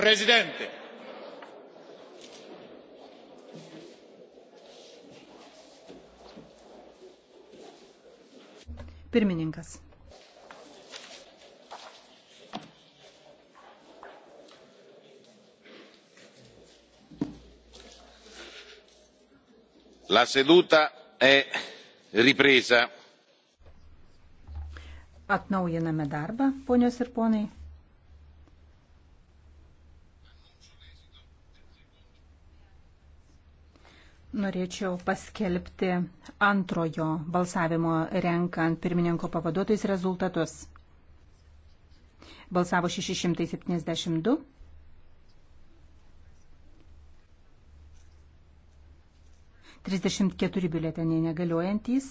presidente pirmininkas la seduta è ripresa atnaujiname darbą ponios ir ponai Norėčiau paskelbti antrojo balsavimo renkant pirmininko pavaduotojus rezultatus. Balsavo 672. Trisdešimt keturi biuleteniai negaliojantys.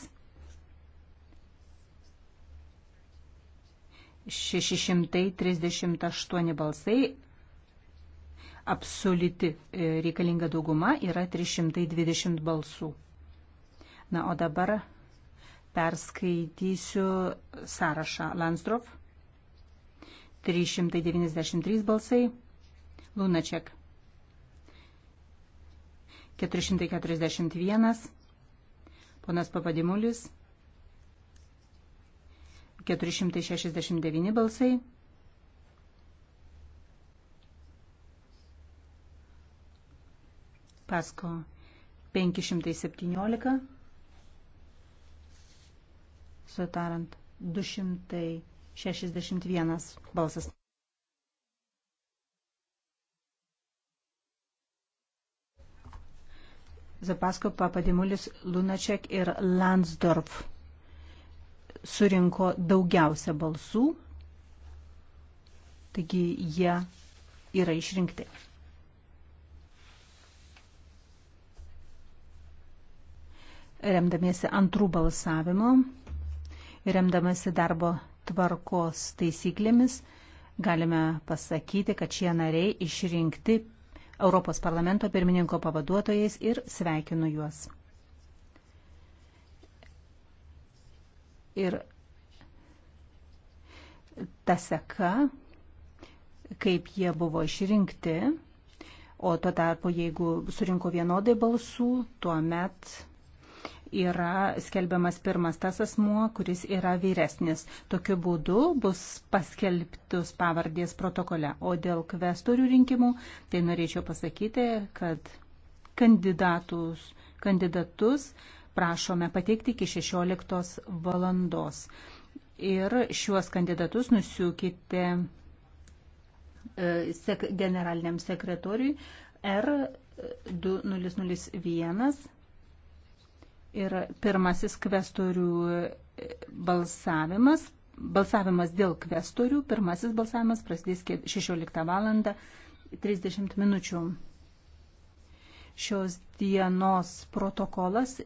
638 balsai absoliuti e, reikalinga dauguma yra 320 balsų. Na, o dabar perskaitysiu sąrašą. Lanstrov 393 balsai, Lunaček 441, ponas Papadimulis 469 balsai. Pasko 517, sutarant 261 balsas. Zapasko papadimulis Lunaček ir Landsdorf surinko daugiausia balsų, taigi jie yra išrinkti. remdamiesi antrų balsavimo ir remdamasi darbo tvarkos taisyklėmis, galime pasakyti, kad šie nariai išrinkti Europos parlamento pirmininko pavaduotojais ir sveikinu juos. Ir ta seka, kaip jie buvo išrinkti, o tuo tarpu, jeigu surinko vienodai balsų, tuo met yra skelbiamas pirmas tas asmuo, kuris yra vyresnis. Tokiu būdu bus paskelbtus pavardės protokole. O dėl kvestorių rinkimų, tai norėčiau pasakyti, kad kandidatus, kandidatus prašome pateikti iki 16 valandos. Ir šiuos kandidatus nusiūkite e, sek, generaliniam sekretoriui R2001 Ir pirmasis kvestorių e, balsavimas. Balsavimas dėl kvestorių. Pirmasis balsavimas prasidės 16 val. 30 minučių. Šios dienos protokolas